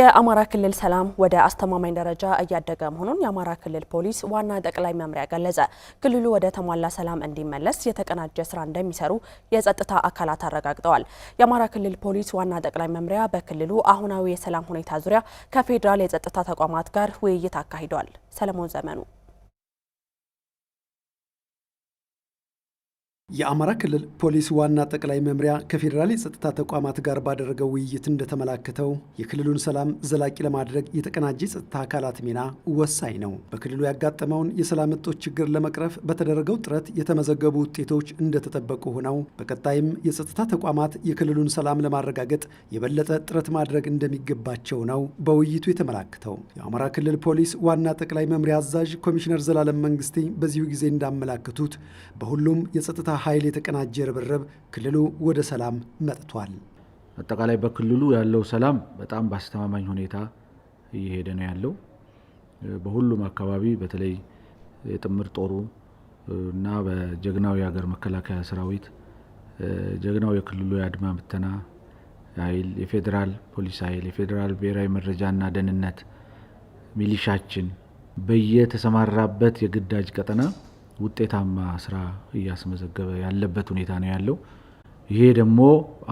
የአማራ ክልል ሰላም ወደ አስተማማኝ ደረጃ እያደገ መሆኑን የአማራ ክልል ፖሊስ ዋና ጠቅላይ መምሪያ ገለጸ። ክልሉ ወደ ተሟላ ሰላም እንዲመለስ የተቀናጀ ስራ እንደሚሰሩ የጸጥታ አካላት አረጋግጠዋል። የአማራ ክልል ፖሊስ ዋና ጠቅላይ መምሪያ በክልሉ አሁናዊ የሰላም ሁኔታ ዙሪያ ከፌዴራል የጸጥታ ተቋማት ጋር ውይይት አካሂደዋል። ሰለሞን ዘመኑ የአማራ ክልል ፖሊስ ዋና ጠቅላይ መምሪያ ከፌዴራል የጸጥታ ተቋማት ጋር ባደረገው ውይይት እንደተመላከተው የክልሉን ሰላም ዘላቂ ለማድረግ የተቀናጀ የጸጥታ አካላት ሚና ወሳኝ ነው። በክልሉ ያጋጠመውን የሰላም እጦት ችግር ለመቅረፍ በተደረገው ጥረት የተመዘገቡ ውጤቶች እንደተጠበቁ ሆነው በቀጣይም የጸጥታ ተቋማት የክልሉን ሰላም ለማረጋገጥ የበለጠ ጥረት ማድረግ እንደሚገባቸው ነው በውይይቱ የተመላከተው። የአማራ ክልል ፖሊስ ዋና ጠቅላይ መምሪያ አዛዥ ኮሚሽነር ዘላለም መንግስቴ በዚሁ ጊዜ እንዳመላከቱት በሁሉም የጸጥታ ኃይል የተቀናጀ ርብርብ ክልሉ ወደ ሰላም መጥቷል። አጠቃላይ በክልሉ ያለው ሰላም በጣም በአስተማማኝ ሁኔታ እየሄደ ነው ያለው። በሁሉም አካባቢ በተለይ የጥምር ጦሩ እና በጀግናው የሀገር መከላከያ ሰራዊት፣ ጀግናው የክልሉ የአድማ ብተና ኃይል፣ የፌዴራል ፖሊስ ኃይል፣ የፌዴራል ብሔራዊ መረጃና ደህንነት ሚሊሻችን በየተሰማራበት የግዳጅ ቀጠና ውጤታማ ስራ እያስመዘገበ ያለበት ሁኔታ ነው ያለው። ይሄ ደግሞ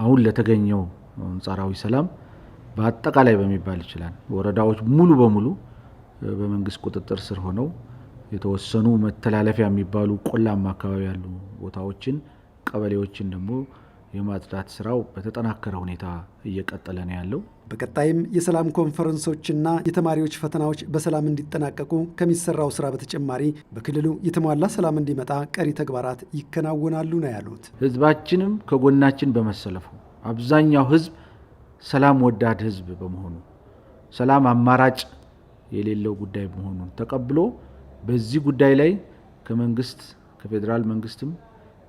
አሁን ለተገኘው አንጻራዊ ሰላም በአጠቃላይ በሚባል ይችላል ወረዳዎች ሙሉ በሙሉ በመንግስት ቁጥጥር ስር ሆነው የተወሰኑ መተላለፊያ የሚባሉ ቆላማ አካባቢ ያሉ ቦታዎችን፣ ቀበሌዎችን ደግሞ የማጽዳት ስራው በተጠናከረ ሁኔታ እየቀጠለ ነው ያለው። በቀጣይም የሰላም ኮንፈረንሶችና የተማሪዎች ፈተናዎች በሰላም እንዲጠናቀቁ ከሚሰራው ስራ በተጨማሪ በክልሉ የተሟላ ሰላም እንዲመጣ ቀሪ ተግባራት ይከናወናሉ ነው ያሉት። ህዝባችንም ከጎናችን በመሰለፉ አብዛኛው ህዝብ ሰላም ወዳድ ህዝብ በመሆኑ ሰላም አማራጭ የሌለው ጉዳይ መሆኑን ተቀብሎ በዚህ ጉዳይ ላይ ከመንግስት ከፌዴራል መንግስትም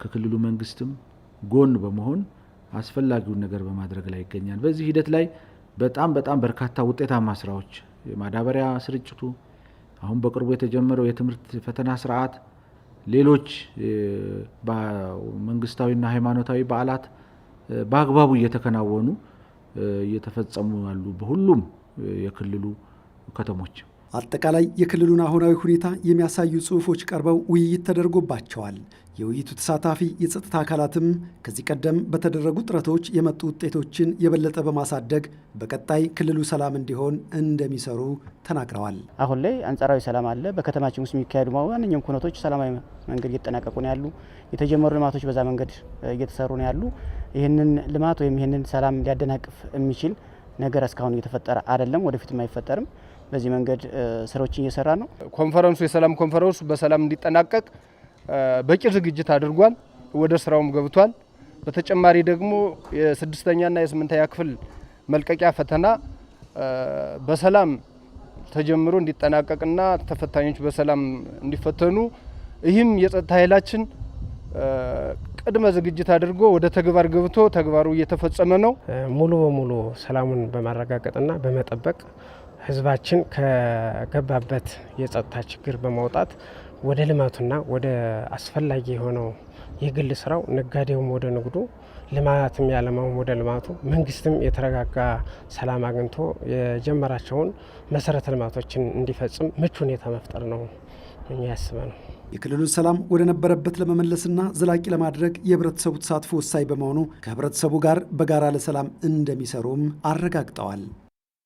ከክልሉ መንግስትም ጎን በመሆን አስፈላጊውን ነገር በማድረግ ላይ ይገኛል። በዚህ ሂደት ላይ በጣም በጣም በርካታ ውጤታማ ስራዎች የማዳበሪያ ስርጭቱ፣ አሁን በቅርቡ የተጀመረው የትምህርት ፈተና ስርዓት፣ ሌሎች መንግስታዊና ሃይማኖታዊ በዓላት በአግባቡ እየተከናወኑ እየተፈጸሙ ያሉ በሁሉም የክልሉ ከተሞች አጠቃላይ የክልሉን አሁናዊ ሁኔታ የሚያሳዩ ጽሑፎች ቀርበው ውይይት ተደርጎባቸዋል። የውይይቱ ተሳታፊ የጸጥታ አካላትም ከዚህ ቀደም በተደረጉ ጥረቶች የመጡ ውጤቶችን የበለጠ በማሳደግ በቀጣይ ክልሉ ሰላም እንዲሆን እንደሚሰሩ ተናግረዋል። አሁን ላይ አንጻራዊ ሰላም አለ። በከተማችን ውስጥ የሚካሄዱ ማንኛውም ኩነቶች ሰላማዊ መንገድ እየተጠናቀቁ ነው ያሉ፣ የተጀመሩ ልማቶች በዛ መንገድ እየተሰሩ ነው ያሉ። ይህንን ልማት ወይም ይህንን ሰላም ሊያደናቅፍ የሚችል ነገር እስካሁን እየተፈጠረ አይደለም፣ ወደፊትም አይፈጠርም። በዚህ መንገድ ስራዎችን እየሰራ ነው። ኮንፈረንሱ የሰላም ኮንፈረንሱ በሰላም እንዲጠናቀቅ በቂ ዝግጅት አድርጓል። ወደ ስራውም ገብቷል። በተጨማሪ ደግሞ የስድስተኛና የስምንተኛ ክፍል መልቀቂያ ፈተና በሰላም ተጀምሮ እንዲጠናቀቅና ተፈታኞች በሰላም እንዲፈተኑ ይህም የጸጥታ ኃይላችን ቅድመ ዝግጅት አድርጎ ወደ ተግባር ገብቶ ተግባሩ እየተፈጸመ ነው። ሙሉ በሙሉ ሰላሙን በማረጋገጥና በመጠበቅ ህዝባችን ከገባበት የጸጥታ ችግር በማውጣት ወደ ልማቱና ወደ አስፈላጊ የሆነው የግል ስራው፣ ነጋዴውም ወደ ንግዱ፣ ልማትም ያለማውም ወደ ልማቱ፣ መንግስትም የተረጋጋ ሰላም አግኝቶ የጀመራቸውን መሰረተ ልማቶችን እንዲፈጽም ምቹ ሁኔታ መፍጠር ነው እኛ ያስበ ነው። የክልሉን ሰላም ወደ ነበረበት ለመመለስና ዘላቂ ለማድረግ የህብረተሰቡ ተሳትፎ ወሳኝ በመሆኑ ከህብረተሰቡ ጋር በጋራ ለሰላም እንደሚሰሩም አረጋግጠዋል።